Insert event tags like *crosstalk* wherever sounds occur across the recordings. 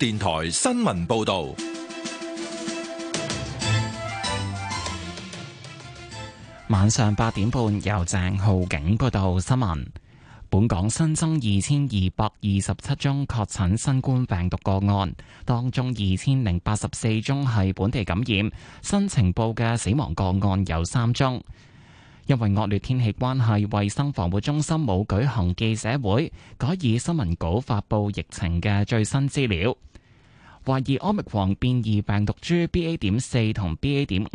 電台新聞報道，晚上八點半由鄭浩景報道新聞。本港新增二千二百二十七宗確診新冠病毒個案，當中二千零八十四宗係本地感染。新情報嘅死亡個案有三宗，因為惡劣天氣關係，衛生防護中心冇舉行記者會，改以新聞稿發布疫情嘅最新資料。懷疑 Omicron 變異病毒株 B A 點四同 B A 點五，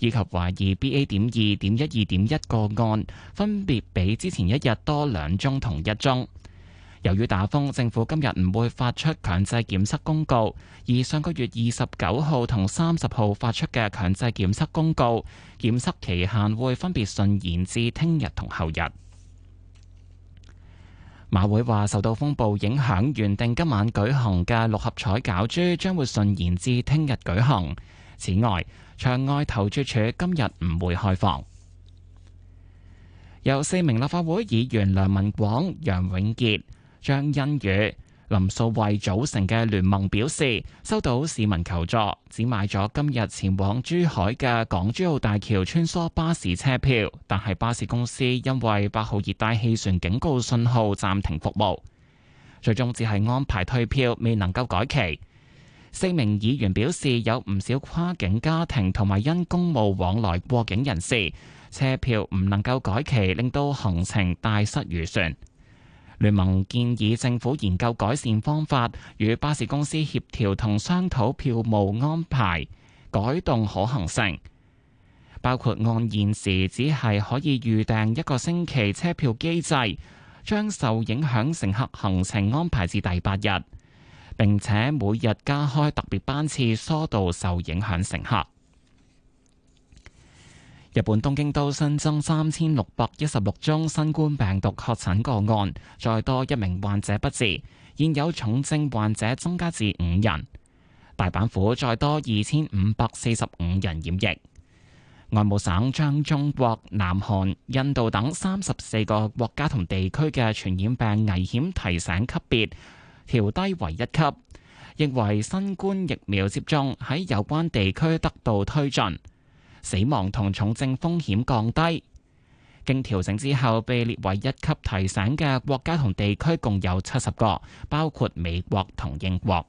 以及懷疑 B A 點二點一二點一個案，分別比之前一日多兩宗同一宗。由於打風，政府今日唔會發出強制檢測公告，而上個月二十九號同三十號發出嘅強制檢測公告，檢測期限會分別順延至聽日同後日。馬會話受到風暴影響，原定今晚舉行嘅六合彩攪珠將會順延至聽日舉行。此外，場外投注處今日唔會開放。有四名立法會議員梁文廣、楊永傑、張欣宇、林素慧組成嘅聯盟表示，收到市民求助，只買咗今日前往珠海嘅港珠澳大橋穿梭巴士車票，但係巴士公司因為八號熱帶氣旋警告信號暫停服務，最終只係安排退票，未能夠改期。四名議員表示，有唔少跨境家庭同埋因公務往來過境人士，車票唔能夠改期，令到行程大失預算。聯盟建議政府研究改善方法，與巴士公司協調同商討票務安排，改動可行性，包括按現時只係可以預訂一個星期車票機制，將受影響乘客行程安排至第八日，並且每日加開特別班次，疏導受影響乘客。日本東京都新增三千六百一十六宗新冠病毒確診個案，再多一名患者不治，現有重症患者增加至五人。大阪府再多二千五百四十五人染疫。外務省將中國、南韓、印度等三十四個國家同地區嘅傳染病危險提醒級別調低為一級，認為新冠疫苗接種喺有關地區得到推進。死亡同重症風險降低，經調整之後被列為一級提醒嘅國家同地區共有七十個，包括美國同英國。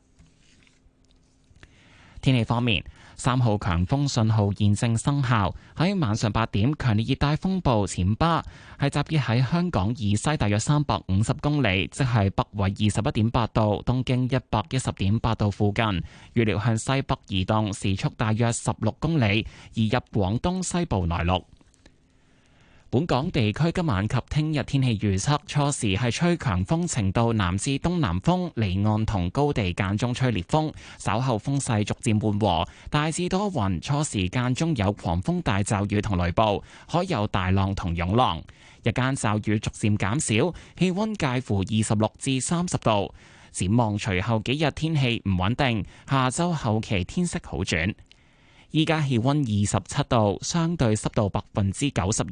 天氣方面，三號強風信號現正生效。喺晚上八點，強烈熱帶風暴暹芭係集結喺香港以西大約三百五十公里，即係北緯二十一點八度，東經一百一十點八度附近。預料向西北移動，時速大約十六公里，移入廣東西部內陸。本港地區今晚及聽日天氣預測，初時係吹強風程度南至東南風，離岸同高地間中吹烈風，稍後風勢逐漸緩和，大致多雲初時間中有狂風大驟雨同雷暴，海有大浪同湧浪。日間驟雨逐漸減少，氣溫介乎二十六至三十度。展望隨後幾日天氣唔穩定，下週後期天色好轉。依家氣溫二十七度，相對濕度百分之九十二，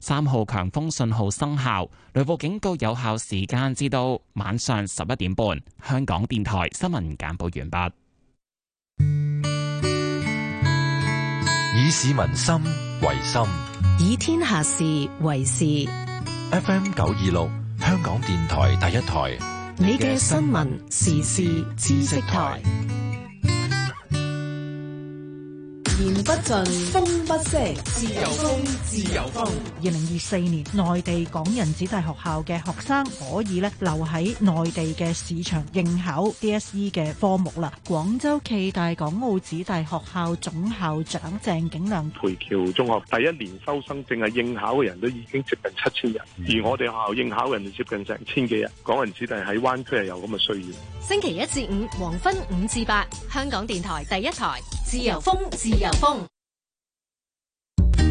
三號強風信號生效，雷暴警告有效時間至到晚上十一點半。香港電台新聞簡報完畢。以市民心為心，以天下事為事。FM 九二六，香港電台第一台，你嘅新聞時事知識台。言不盡，風不息，自由風，自由風。二零二四年，內地港人子弟學校嘅學生可以咧留喺內地嘅市場應考 DSE 嘅科目啦。廣州暨大港澳子弟學校總校長鄭景亮，培僑中學第一年收生淨係應考嘅人都已經接近七千人，而我哋學校應考嘅人接近成千幾人。港人子弟喺灣區係有咁嘅需要。星期一至五黃昏五至八，香港電台第一台。自由風，自由風。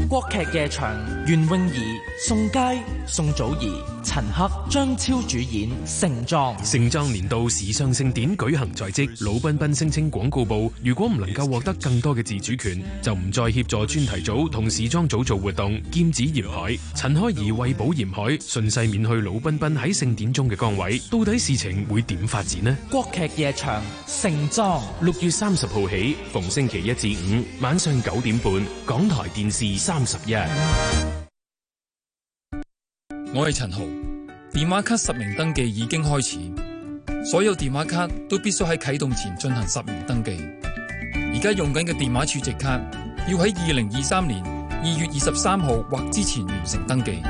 國劇夜場，袁詠儀、宋佳、宋佳、宋祥、宋祖兒。陳克、張超主演《盛裝》，盛裝年度時尚盛典舉行在即。魯彬彬聲稱廣告部如果唔能夠獲得更多嘅自主權，就唔再協助專題組同時裝組做活動。劍指嚴海，陳開怡為保嚴海，順勢免去魯彬彬喺盛典中嘅崗位。到底事情會點發展呢？國劇夜場，盛裝。六月三十號起，逢星期一至五晚上九點半，港台電視三十一。嗯我係陳豪，電話卡實名登記已經開始，所有電話卡都必須喺啟動前進行實名登記。而家用緊嘅電話儲值卡要喺二零二三年二月二十三號或之前完成登記。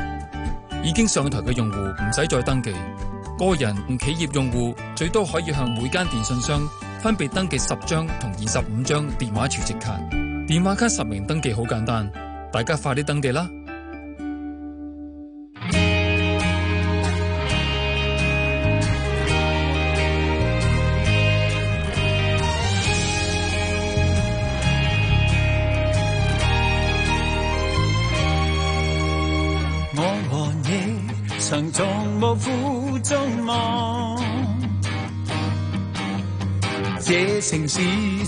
已經上台嘅用戶唔使再登記。個人同企業用戶最多可以向每間電信商分別登記十張同二十五張電話儲值卡。電話卡實名登記好簡單，大家快啲登記啦！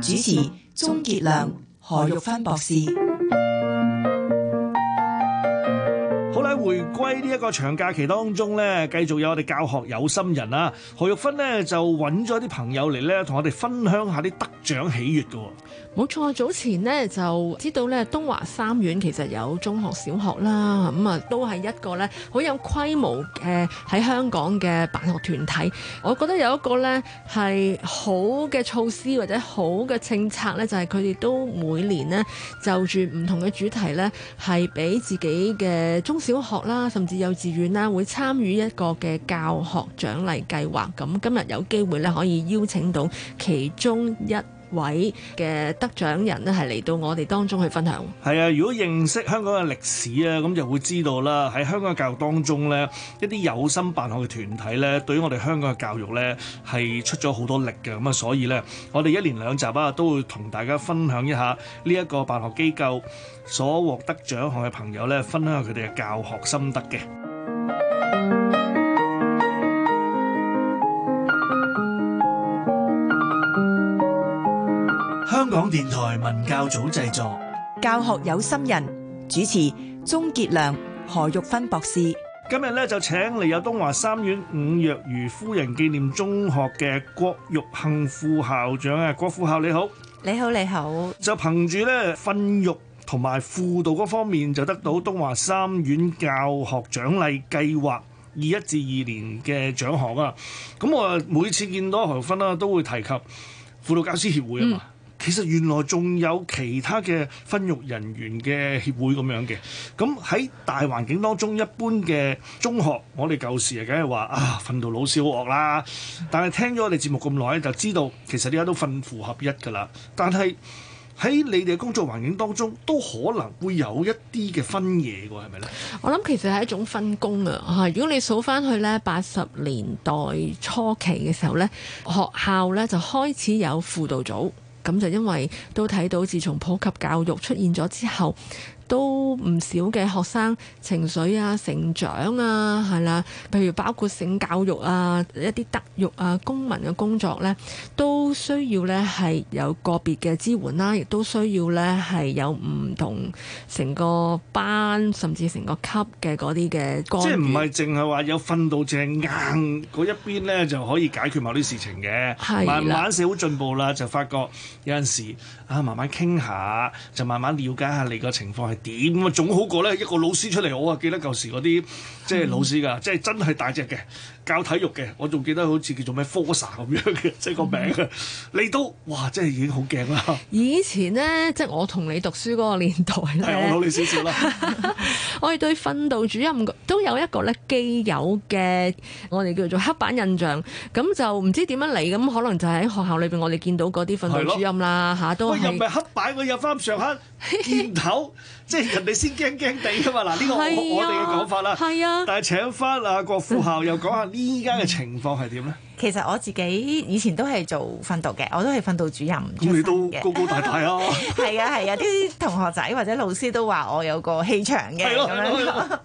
主持人：鍾潔良、何玉芬博士。回歸呢一個長假期當中呢繼續有我哋教學有心人啊！何玉芬呢，就揾咗啲朋友嚟呢，同我哋分享下啲得獎喜悦噶。冇錯，早前呢就知道呢東華三院其實有中學、小學啦，咁、嗯、啊都係一個呢好有規模嘅喺香港嘅辦學團體。我覺得有一個呢係好嘅措施或者好嘅政策呢，就係佢哋都每年呢就住唔同嘅主題呢，係俾自己嘅中小學。啦，甚至幼稚園啦，會參與一個嘅教學獎勵計劃。咁今日有機會咧，可以邀請到其中一。位嘅得獎人呢係嚟到我哋當中去分享。係啊，如果認識香港嘅歷史呀，咁就會知道啦。喺香港嘅教育當中呢，一啲有心辦學嘅團體呢，對於我哋香港嘅教育呢，係出咗好多力嘅。咁啊，所以呢，我哋一連兩集啊，都會同大家分享一下呢一個辦學機構所獲得獎項嘅朋友呢，分享佢哋嘅教學心得嘅。港電台文教組製作，教學有心人主持鍾杰良、何玉芬博士。今日咧就請嚟有東華三院伍若瑜夫人紀念中學嘅郭玉杏副校長啊，郭副校長你好，你好，你好你好。就憑住咧訓育同埋輔導嗰方面，就得到東華三院教學獎勵計劃二一至二年嘅獎項啊。咁我每次見到何玉芬啦，都會提及輔導教師協會啊嘛。其實原來仲有其他嘅訓育人員嘅協會咁樣嘅，咁喺大環境當中，一般嘅中學，我哋舊時啊，梗係話啊，訓導老師好惡啦。但係聽咗我哋節目咁耐，就知道其實呢家都訓輔合一噶啦。但係喺你哋嘅工作環境當中，都可能會有一啲嘅分野喎，係咪呢？我諗其實係一種分工啊。如果你數翻去咧，八十年代初期嘅時候咧，學校咧就開始有輔導組。咁就因為都睇到，自從普及教育出現咗之後，都唔少嘅學生情緒啊、成長啊係啦，譬如包括性教育啊、一啲德育啊、公民嘅工作咧，都需要咧係有個別嘅支援啦、啊，亦都需要咧係有唔同成個班甚至成個級嘅啲嘅。即係唔係淨係話有訓到隻硬一邊咧就可以解決某啲事情嘅？是的 慢慢社會進步啦，就發覺有陣時啊，慢慢傾下就慢慢了解下你個情況。係。點啊，總好過咧一個老師出嚟。我啊記得舊時嗰啲即係老師㗎，嗯、即係真係大隻嘅，教體育嘅。我仲記得好似叫做咩科薩咁樣嘅，即係個名啊！你都、嗯、哇，即係已經好勁啦！以前咧，即、就、係、是、我同你讀書嗰個年代咧，我講你少少啦。我哋對訓導主任都有一個咧既有嘅，我哋叫做黑板印象。咁就唔知點樣嚟，咁可能就喺學校裏邊，我哋見到嗰啲訓導主任啦，吓，都又唔係黑板，佢入翻上黑。見頭，即係人哋先驚驚地噶嘛。嗱，呢個我哋嘅講法啦。係啊，啊但係請翻阿郭副校又講下呢間嘅情況係點咧？其實我自己以前都係做訓導嘅，我都係訓導主任。咁你都高高大大，大啊？ *laughs* *laughs* 係啊係啊！啲同學仔或者老師都話我有個氣場嘅咁樣。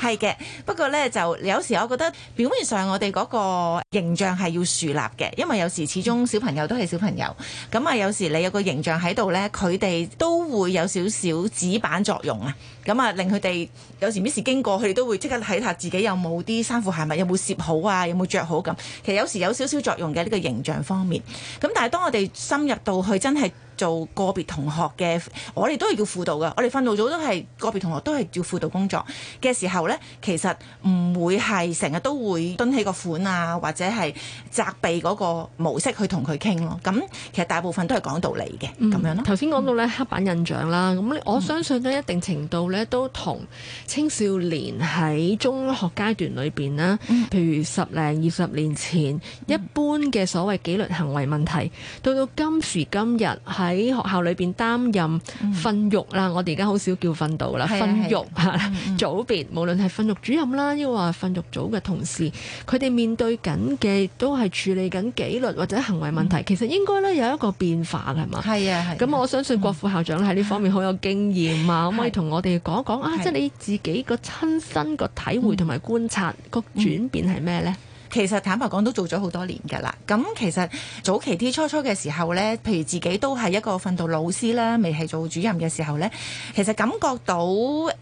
係嘅，不過呢，就有時我覺得表面上我哋嗰個形象係要樹立嘅，因為有時始終小朋友都係小朋友。咁啊，有時你有個形象喺度呢，佢哋都會有少少紙板作用啊。咁啊，令佢哋有時 miss 經過，佢哋都會即刻睇下自己有冇啲衫褲鞋襪有冇攝好啊，有冇着好咁。其實有時。有少少作用嘅呢個形象方面，咁但係當我哋深入到去真係。做個別同學嘅，我哋都係叫輔導嘅，我哋訓導組都係個別同學都係叫輔導工作嘅時候呢，其實唔會係成日都會蹲起個款啊，或者係責備嗰個模式去同佢傾咯。咁其實大部分都係講道理嘅咁、嗯、樣咯。頭先講到咧刻板印象啦，咁、嗯、我相信咧一定程度咧都同青少年喺中學階段裏邊啦，嗯、譬如十零二十年前、嗯、一般嘅所謂紀律行為問題，到到今時今日係。喺學校裏邊擔任訓育啦，我哋而家好少叫訓導啦，訓育吓組別，無論係訓育主任啦，亦或訓育組嘅同事，佢哋面對緊嘅都係處理緊紀律或者行為問題。其實應該咧有一個變化係嘛？係啊，係。咁我相信郭副校長喺呢方面好有經驗啊，可唔可以同我哋講一講啊？即係你自己個親身個體會同埋觀察個轉變係咩咧？其實坦白講都做咗好多年㗎啦，咁其實早期啲初初嘅時候呢，譬如自己都係一個訓導老師啦，未係做主任嘅時候呢，其實感覺到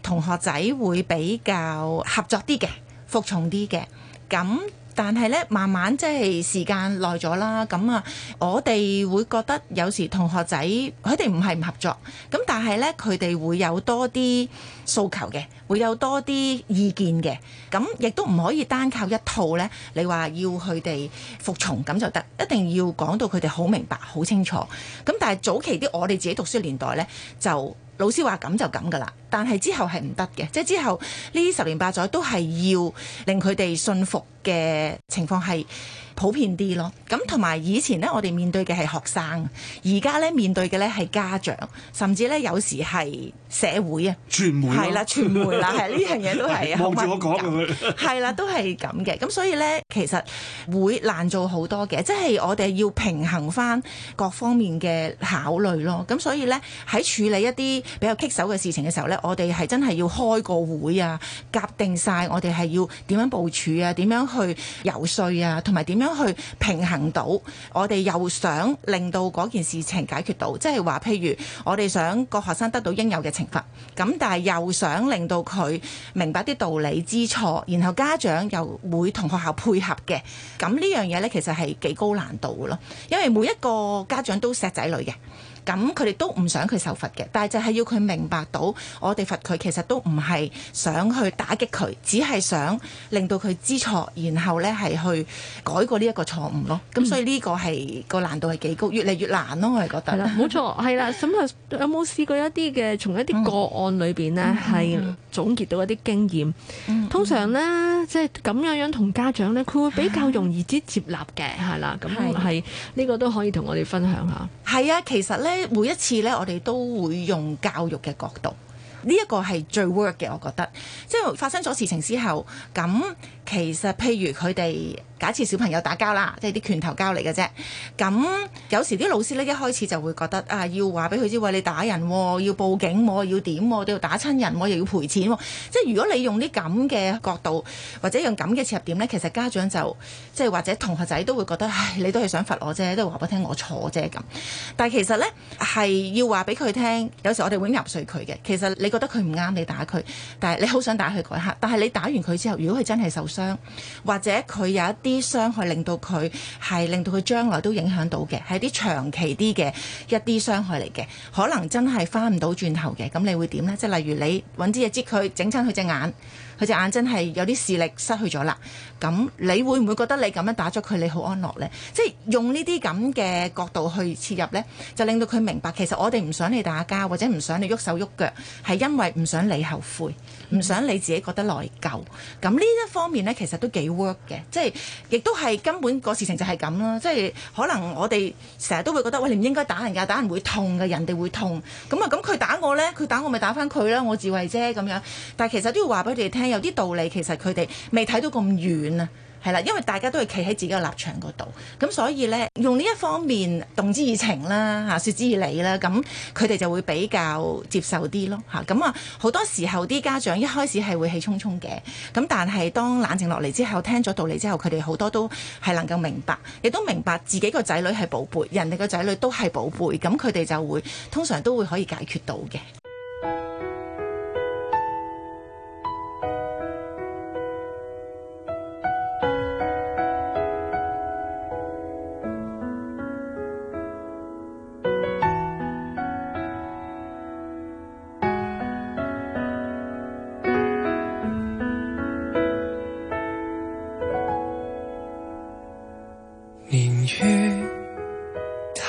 同學仔會比較合作啲嘅，服從啲嘅，咁。但係咧，慢慢即係時間耐咗啦，咁啊，我哋會覺得有時同學仔佢哋唔係唔合作，咁但係咧佢哋會有多啲訴求嘅，會有多啲意見嘅，咁亦都唔可以單靠一套咧，你話要佢哋服從咁就得，一定要講到佢哋好明白、好清楚。咁但係早期啲我哋自己讀書年代咧就。老師話咁就咁噶啦，但係之後係唔得嘅，即係之後呢十年八載都係要令佢哋信服嘅情況係普遍啲咯。咁同埋以前呢，我哋面對嘅係學生，而家呢，面對嘅呢係家長，甚至呢，有時係社會啊、傳媒，係啦，傳媒啦，係呢樣嘢都係望住我講，係啦，都係咁嘅。咁所以呢，其實會難做好多嘅，即係我哋要平衡翻各方面嘅考慮咯。咁所以呢，喺處理一啲比較棘手嘅事情嘅時候呢，我哋係真係要開個會啊，夾定晒。我哋係要點樣部署啊，點樣去游說啊，同埋點樣去平衡到我哋又想令到嗰件事情解決到，即係話譬如我哋想個學生得到應有嘅懲罰，咁但係又想令到佢明白啲道理之錯，然後家長又會同學校配合嘅，咁呢樣嘢呢其實係幾高難度咯，因為每一個家長都錫仔女嘅。咁佢哋都唔想佢受罰嘅，但係就係要佢明白到我哋罰佢其實都唔係想去打擊佢，只係想令到佢知錯，然後咧係去改過呢一個錯誤咯。咁、嗯啊、所以呢個係個難度係幾高，越嚟越難咯。我係覺得。係啦、嗯，冇錯，係啦、啊。咁有冇試過一啲嘅從一啲個案裏邊呢，係、嗯嗯啊、總結到一啲經驗？嗯嗯通常呢，即係咁樣樣同家長呢，佢會會比較容易啲接納嘅。係啦、啊，咁係呢個都可以同我哋分享下。係啊，其實呢。每一次咧，我哋都會用教育嘅角度，呢一個係最 work 嘅，我覺得。即係發生咗事情之後，咁。其實，譬如佢哋假設小朋友打交啦，即係啲拳頭交嚟嘅啫。咁有時啲老師呢，一開始就會覺得啊，要話俾佢知喂，你打人，要報警，要點，要打親人，我又要賠錢。即係如果你用啲咁嘅角度或者用咁嘅切入點呢，其實家長就即係或者同學仔都會覺得，唉，你都係想罰我啫，都話俾我聽我錯啫咁。但係其實呢，係要話俾佢聽，有時我哋會啓瞓佢嘅。其實你覺得佢唔啱，你打佢，但係你好想打佢嗰一刻，但係你打完佢之後，如果佢真係受或者佢有一啲傷害，令到佢係令到佢將來都影響到嘅，係啲長期啲嘅一啲傷害嚟嘅，可能真係翻唔到轉頭嘅。咁你會點咧？即係例如你揾支嘢擠佢，整親佢隻眼，佢隻眼真係有啲視力失去咗啦。咁你會唔會覺得你咁樣打咗佢，你好安樂呢？即係用呢啲咁嘅角度去切入呢，就令到佢明白，其實我哋唔想你打交，或者唔想你喐手喐腳，係因為唔想你後悔，唔想你自己覺得內疚。咁呢一方面呢，其實都幾 work 嘅，即係亦都係根本個事情就係咁啦。即係可能我哋成日都會覺得，喂，你唔應該打人家，打人會痛㗎，人哋會痛。咁啊，咁佢打我呢，佢打我咪打翻佢啦，我自衞啫咁樣。但係其實都要話俾佢哋聽，有啲道理其實佢哋未睇到咁遠。係啦，因為大家都係企喺自己嘅立場嗰度，咁所以咧，用呢一方面動之以情啦，吓說之以理啦，咁佢哋就會比較接受啲咯，吓咁啊好多時候啲家長一開始係會氣沖沖嘅，咁但係當冷靜落嚟之後，聽咗道理之後，佢哋好多都係能夠明白，亦都明白自己個仔女係寶貝，人哋個仔女都係寶貝，咁佢哋就會通常都會可以解決到嘅。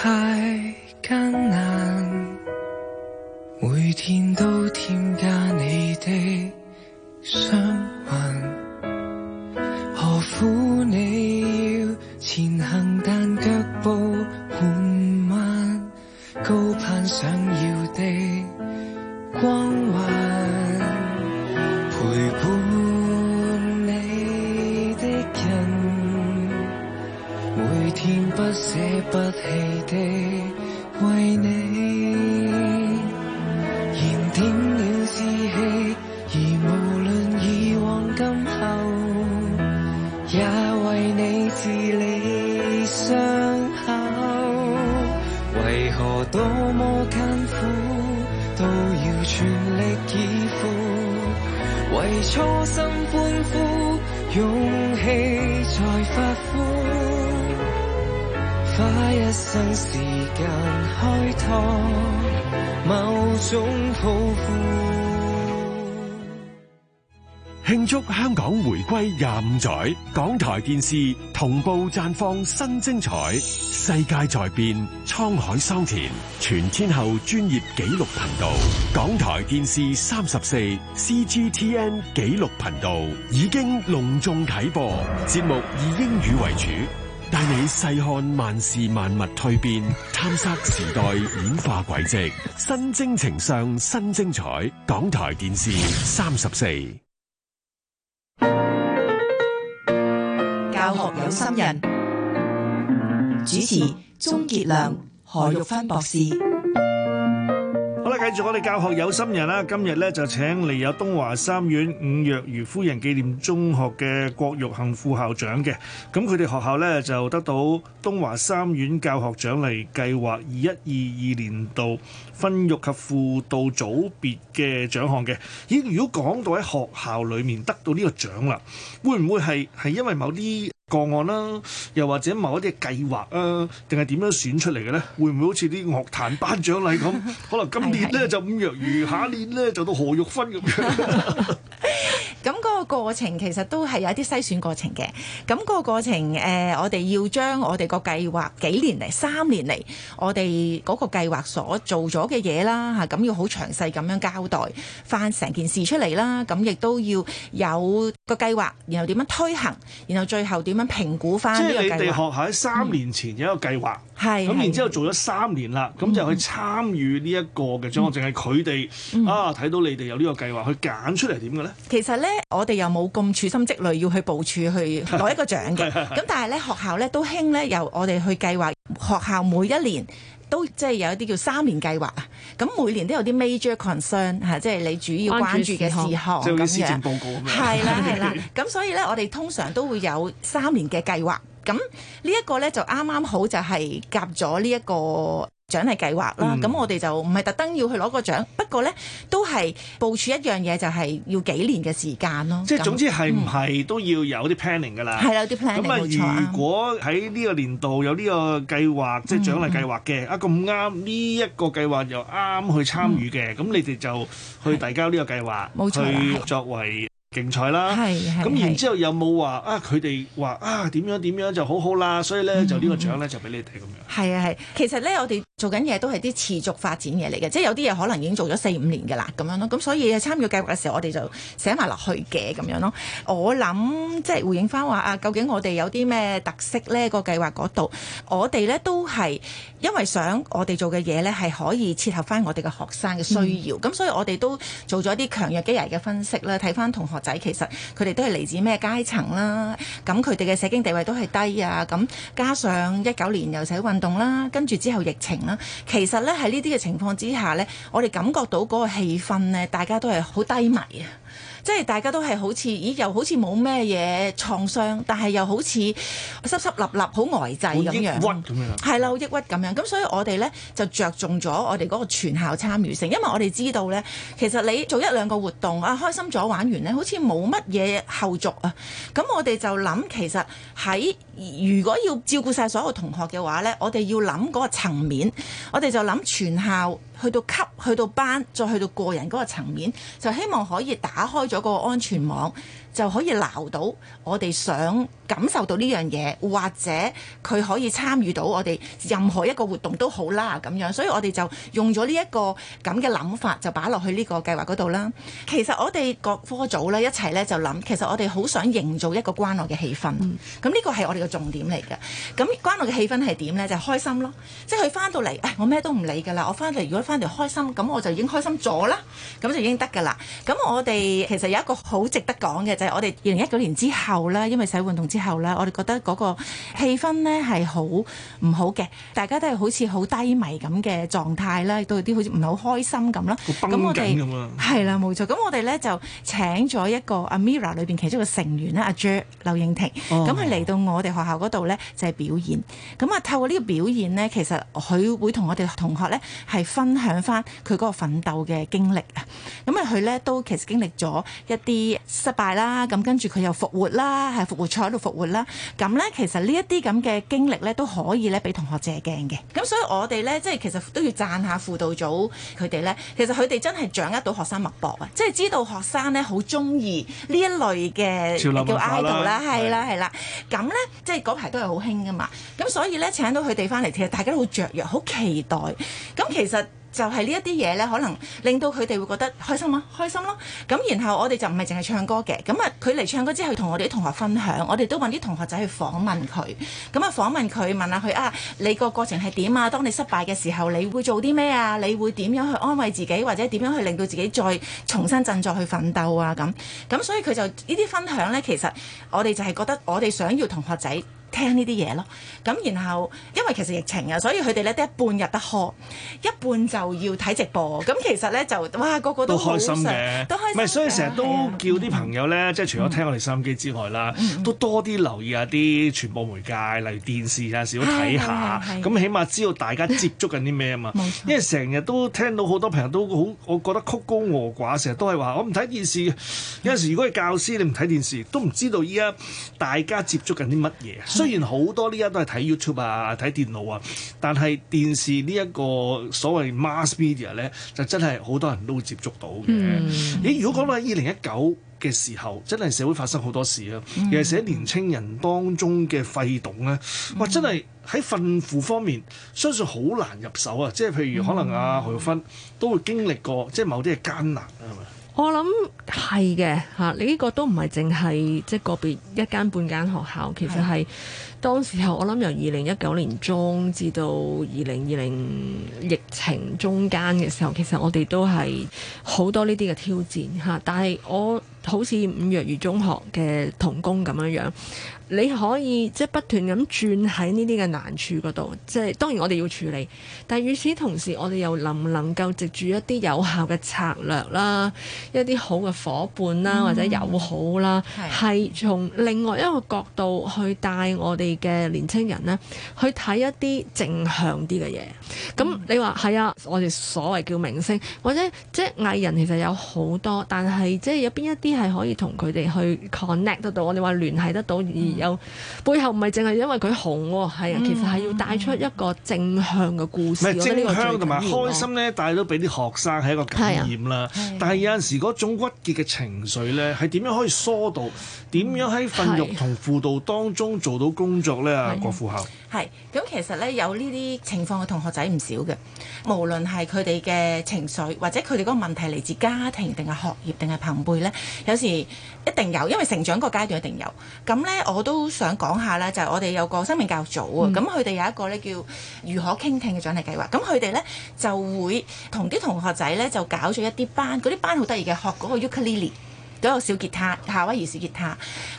太艱難，每天都添加你的傷。在發枯，花一生時間開拓某種抱負。慶祝香港回歸廿五載，港台電視同步綻放新精彩。世界在變，滄海桑田，全天候專業紀錄頻道——港台電視三十四 CGTN 紀錄頻道已經隆重啟播，節目以英語為主，帶你細看萬事萬物蛻變，探索時代演化軌跡。新征程上新精彩，港台電視三十四。心人主持鍾杰良、何玉芬博士。好啦，繼續我哋教學有心人啦。今日咧就請嚟有東華三院伍若瑜夫人紀念中學嘅郭玉杏副校長嘅。咁佢哋學校咧就得到東華三院教學獎勵計劃二一二二年度訓育及輔導組別嘅獎項嘅。咦，如果講到喺學校裏面得到呢個獎啦，會唔會係係因為某啲個案啦，啊，又或者某一啲計劃啊，定係點樣選出嚟嘅呢？會唔會好似啲樂壇頒獎禮咁？ *laughs* 可能今年呢， *laughs* 就伍若瑜，下年呢，就到何玉芬咁樣。 *laughs* *laughs* 咁嗰個過程其實都係有一啲篩選過程嘅。咁、那、嗰個過程，誒、呃，我哋要將我哋個計劃幾年嚟、三年嚟，我哋嗰個計劃所做咗嘅嘢啦，嚇、啊，咁、啊、要好詳細咁樣交代翻成件事出嚟啦。咁、啊、亦、啊、都要有個計劃，然後點樣推行，然後最後點樣評估翻呢個計劃。即係你哋學校喺三年前有一個計劃。嗯。係咁，然之後做咗三年啦，咁就去參與呢一個嘅獎學，淨係佢哋啊睇到你哋有呢個計劃，去揀出嚟點嘅咧？其實咧，我哋又冇咁處心積慮要去部署去攞一個獎嘅。咁但係咧，學校咧都興咧，由我哋去計劃學校每一年都即係、就是、有一啲叫三年計劃啊。咁每年都有啲 major concern 嚇，即係你主要關注嘅時候，即係啲施政報告。係啦係啦。咁 *music* 所以咧，我哋通常都會有三年嘅計劃。咁呢一個咧就啱啱好就係夾咗呢一個獎勵計劃啦。咁我哋就唔係特登要去攞個獎，不過咧都係部署一樣嘢，就係要幾年嘅時間咯。即係總之係唔係都要有啲 planning 㗎啦。係啦，有啲 planning 冇錯。咁啊，如果喺呢個年度有呢個計劃，即係獎勵計劃嘅啊，咁啱呢一個計劃又啱去參與嘅，咁你哋就去遞交呢個計劃去作為競賽啦，咁然之後有冇話啊？佢哋話啊，點樣點樣，樣就好好啦，所以咧就呢個獎咧，嗯、就俾你哋咁樣。係啊係，其實咧我哋做緊嘢都係啲持續發展嘢嚟嘅，即係有啲嘢可能已經做咗四五年噶啦咁樣咯。咁所以參與計劃嘅時候，我哋就寫埋落去嘅咁樣咯。我諗即係回應翻話啊，究竟我哋有啲咩特色咧？個計劃嗰度，我哋咧都係因為想我哋做嘅嘢咧係可以切合翻我哋嘅學生嘅需要，咁，嗯、所以我哋都做咗啲強弱機危嘅分析啦，睇翻同學。仔其實佢哋都係嚟自咩階層啦，咁佢哋嘅社經地位都係低啊，咁加上一九年又使運動啦，跟住之後疫情啦，其實咧喺呢啲嘅情況之下咧，我哋感覺到嗰個氣氛咧，大家都係好低迷啊。即係大家都係好似，咦？又好似冇咩嘢創傷，但係又好似濕濕立立、好呆滯咁樣，抑鬱咁樣，係啦，好抑鬱咁樣。咁所以我哋呢，就着重咗我哋嗰個全校參與性，因為我哋知道呢，其實你做一兩個活動啊，開心咗玩完呢，好似冇乜嘢後續啊。咁我哋就諗，其實喺如果要照顧晒所有同學嘅話呢，我哋要諗嗰個層面，我哋就諗全校。去到級，去到班，再去到個人嗰個層面，就希望可以打開咗個安全網，就可以撈到我哋想，感受到呢樣嘢，或者佢可以參與到我哋任何一個活動都好啦，咁樣，所以我哋就用咗呢一個咁嘅諗法，就擺落去呢個計劃嗰度啦。其實我哋各科組咧一齊咧就諗其實我哋好想營造一個關愛嘅氣氛，咁呢、嗯、個係我哋嘅重點嚟嘅。咁關愛嘅氣氛係點咧？就係、是、開心咯，即係佢翻到嚟，誒我咩都唔理噶啦。我翻到嚟，如果翻到嚟開心，咁我就已經開心咗啦，咁就已經得噶啦。咁我哋其實有一個好值得講嘅就係、是、我哋二零一九年之後咧，因為洗運動。之。後咧，我哋覺得嗰個氣氛呢係好唔好嘅，大家都係好似好低迷咁嘅狀態啦，都有啲好似唔係好開心咁咯。咁 *music* 我哋係啦，冇錯。咁 *music* 我哋呢就請咗一個阿 m i r a 裏邊其中一個成員呢，阿 Joe、er, 劉穎婷，咁佢嚟到我哋學校嗰度呢，就係表演。咁啊，透過呢個表演呢，其實佢會同我哋同學呢係分享翻佢嗰個奮鬥嘅經歷啊。咁啊，佢呢都其實經歷咗一啲失敗啦，咁跟住佢又復活啦，係復活賽喺度活啦，咁咧其實呢一啲咁嘅經歷咧，都可以咧俾同學借鏡嘅。咁所以我哋咧，即係其實都要讚下輔導組佢哋咧。其實佢哋真係掌握到學生脈搏啊，即係知道學生咧好中意呢一類嘅朝臨 叫 idol 啦、啊，係啦，係啦。咁咧的即係嗰排都係好興㗎嘛。咁所以咧請到佢哋翻嚟，其實大家都好雀躍，好期待。咁其實。就係呢一啲嘢咧，可能令到佢哋會覺得開心咯、啊，開心咯。咁然後我哋就唔係淨係唱歌嘅，咁啊佢嚟唱歌之後同我哋啲同學分享，我哋都搵啲同學仔去訪問佢，咁啊訪問佢問下佢啊，你個過程係點啊？當你失敗嘅時候，你會做啲咩啊？你會點樣去安慰自己，或者點樣去令到自己再重新振作去奮鬥啊？咁咁所以佢就呢啲分享呢，其實我哋就係覺得我哋想要同學仔。聽呢啲嘢咯，咁然後因為其實疫情啊，所以佢哋咧得一半入得 hall，一半就要睇直播。咁其實咧就哇個個都都開心嘅，唔係所以成日、嗯、都叫啲朋友咧，嗯、即係除咗聽我哋收音機之外啦，嗯、都多啲留意下啲傳播媒介，例如電視有、啊、少都睇下，咁起碼知道大家接觸緊啲咩啊嘛。錯因為成日都聽到好多朋友都好，我覺得曲高和寡，成日都係話我唔睇電視。有時如果係教師，你唔睇電視都唔知道依家大家接觸緊啲乜嘢。雖然好多呢一都係睇 YouTube 啊、睇電腦啊，但係電視呢一個所謂 mass media 咧，就真係好多人都會接觸到嘅。嗯、咦？如果講到喺二零一九嘅時候，真係社會發生好多事啊，嗯、尤其是喺年青人當中嘅肺動咧，嗯、哇！真係喺訓輔方面，相信好難入手啊。即係譬如可能阿、啊、何玉芬都會經歷過，即、就、係、是、某啲嘅艱難，係咪？我諗係嘅，吓，你呢個都唔係淨係即係個別一間半間學校，其實係當時候我諗由二零一九年中至到二零二零疫情中間嘅時候，其實我哋都係好多呢啲嘅挑戰，吓。但係我好似伍若瑜中學嘅同工咁樣樣。你可以即係不斷咁轉喺呢啲嘅難處嗰度，即係當然我哋要處理，但係與此同時，我哋又能唔能夠藉住一啲有效嘅策略啦，一啲好嘅夥伴啦，或者友好啦，係從、嗯、另外一個角度去帶我哋嘅年青人咧，去睇一啲正向啲嘅嘢。咁你話係啊？我哋所謂叫明星或者即係藝人，其實有好多，但係即係有邊一啲係可以同佢哋去 connect 得到？我哋話聯繫得到、嗯、而有背後唔係淨係因為佢紅喎，係啊，其實係要帶出一個正向嘅故事。唔係正向同埋開心咧，帶到俾啲學生係一個感染啦。啊、但係有陣時嗰種鬱結嘅情緒咧，係點樣可以疏導？點、嗯、樣喺訓育同輔導當中做到工作咧？啊的，郭副校。係咁，其實咧，有呢啲情況嘅同學仔唔少嘅，無論係佢哋嘅情緒，或者佢哋嗰個問題嚟自家庭，定係學業，定係朋輩呢，有時一定有，因為成長個階段一定有，咁呢，我都想講下咧，就係、是、我哋有個生命教育組啊，咁佢哋有一個呢叫如何傾聽嘅獎勵計劃。咁佢哋呢，就會同啲同學仔呢，就搞咗一啲班，嗰啲班好得意嘅，學嗰個 ukulele 都有小吉他，夏威夷小吉他。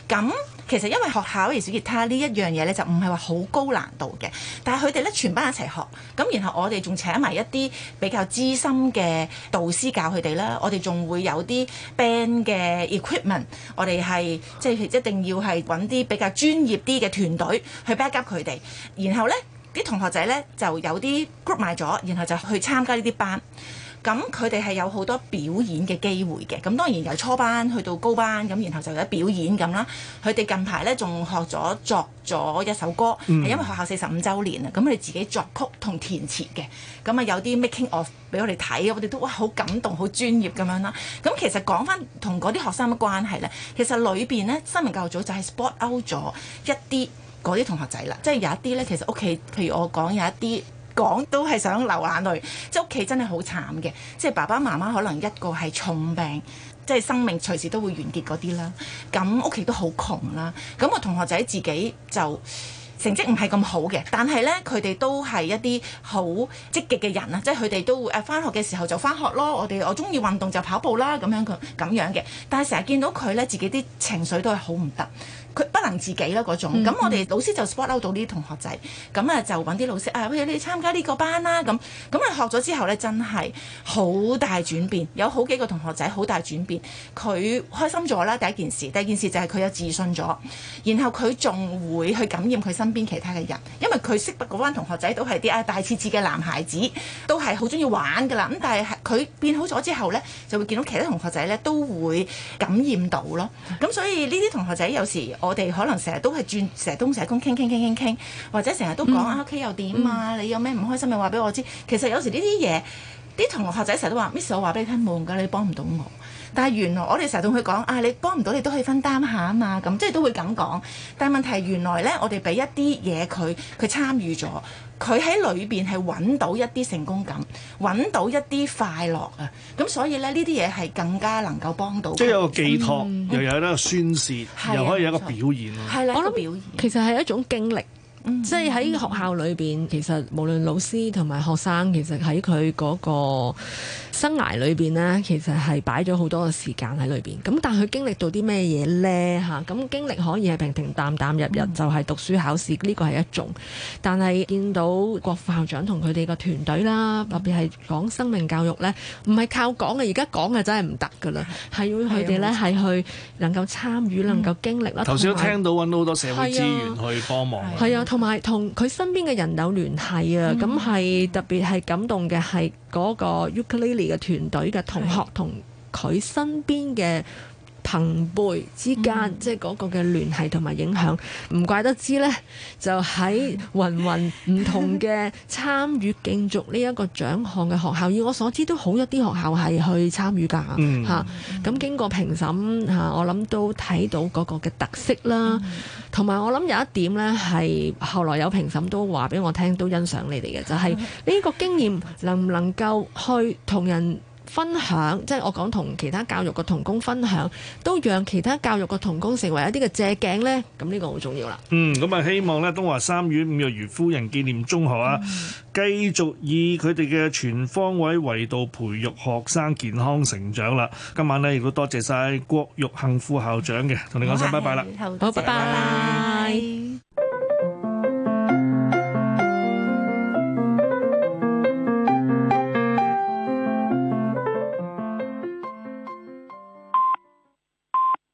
咁其實因為學夏威夷小吉他呢一樣嘢呢，就唔係話好高難度嘅。但係佢哋呢，全班一齊學。咁然後我哋仲請埋一啲比較資深嘅導師教佢哋啦。我哋仲會有啲 band 嘅 equipment。我哋係即係一定要係揾啲比較專業啲嘅團隊去 back up 佢哋。然後呢啲同學仔呢，就有啲 group 埋咗，然後就去參加呢啲班。咁佢哋係有好多表演嘅機會嘅，咁當然由初班去到高班，咁然後就有表演咁啦。佢哋近排咧仲學咗作咗一首歌，係、mm. 因為學校四十五週年啊，咁佢哋自己作曲同填詞嘅。咁啊有啲 making of 俾我哋睇，我哋都哇好感動，好專業咁樣啦。咁其實講翻同嗰啲學生嘅關係咧，其實裏邊咧，生命教育組就係 spot out 咗一啲嗰啲同學仔啦，即係有一啲咧，其實屋企譬如我講有一啲。講都係想流眼淚，即係屋企真係好慘嘅，即係爸爸媽媽可能一個係重病，即係生命隨時都會完結嗰啲啦。咁屋企都好窮啦。咁我同學仔自己就成績唔係咁好嘅，但係呢，佢哋都係一啲好積極嘅人啊！即係佢哋都誒返學嘅時候就返學咯。我哋我鍾意運動就跑步啦，咁樣咁樣嘅。但係成日見到佢呢，自己啲情緒都係好唔得。佢不能自己啦嗰種，咁、嗯、我哋老師就 spot out 到啲同學仔，咁啊就搵啲老師、哎、啊，不如你參加呢個班啦咁，咁啊學咗之後呢，真係好大轉變，有好幾個同學仔好大轉變，佢開心咗啦第一件事，第二件事就係佢有自信咗，然後佢仲會去感染佢身邊其他嘅人，因為佢識嗰班同學仔都係啲啊大刺刺嘅男孩子，都係好鍾意玩㗎喇，咁但係佢變好咗之後呢，就會見到其他同學仔呢都會感染到咯，咁所以呢啲同學仔有時。我哋可能成日都係轉成日東成西講，傾傾傾傾傾，或者成日都講啊，屋企又點啊？嗯、你有咩唔開心嘅話俾我知。其實有時呢啲嘢，啲同學仔成日都話 miss 我話俾你聽冇用㗎，你幫唔到我。但係原來我哋成日同佢講啊，你幫唔到你都可以分擔下啊嘛，咁即係都會咁講。但係問題原來咧，我哋俾一啲嘢佢，佢參與咗，佢喺裏邊係揾到一啲成功感，揾到一啲快樂啊。咁所以咧，呢啲嘢係更加能夠幫到。即係有個寄託，嗯、又有喺度宣泄，嗯、又可以有一個表現。係啦，我諗表現其實係一種經歷，即係喺學校裏邊，嗯、其實無論老師同埋學生，其實喺佢嗰個。生涯裏邊呢，其實係擺咗好多嘅時間喺裏邊。咁但係佢經歷到啲咩嘢呢？嚇咁經歷可以係平平淡淡，淡入日日、嗯、就係讀書考試呢個係一種。但係見到郭副校長同佢哋個團隊啦，特別係講生命教育呢，唔係靠講嘅。而家講嘅真係唔得㗎啦，係要佢哋呢，係去能夠參與、嗯、能夠經歷啦。頭先都聽到揾到好多社會資源去幫忙，係啊，同埋同佢身邊嘅人有聯繫啊。咁係、嗯、特別係感動嘅係。嗰個 ukulele 嘅團隊嘅同學同佢身邊嘅。朋輩之間，即係嗰個嘅聯繫同埋影響，唔怪得知呢就喺芸芸唔同嘅參與競逐呢一個獎項嘅學校，以我所知都好一啲學校係去參與㗎嚇。咁、嗯啊、經過評審嚇、啊，我諗都睇到嗰個嘅特色啦，同、啊、埋我諗有一點呢，係後來有評審都話俾我聽，都欣賞你哋嘅，就係、是、呢個經驗能唔能夠去同人分享即係我講，同其他教育嘅同工分享，都讓其他教育嘅同工成為一啲嘅借鏡呢，咁呢個好重要啦。嗯，咁啊希望呢東華三院伍若瑜夫人紀念中學啊，繼、嗯、續以佢哋嘅全方位維度培育學生健康成長啦。今晚呢，亦都多謝晒郭玉杏副校長嘅，同你講聲拜拜啦。哇好，拜拜。拜拜拜拜。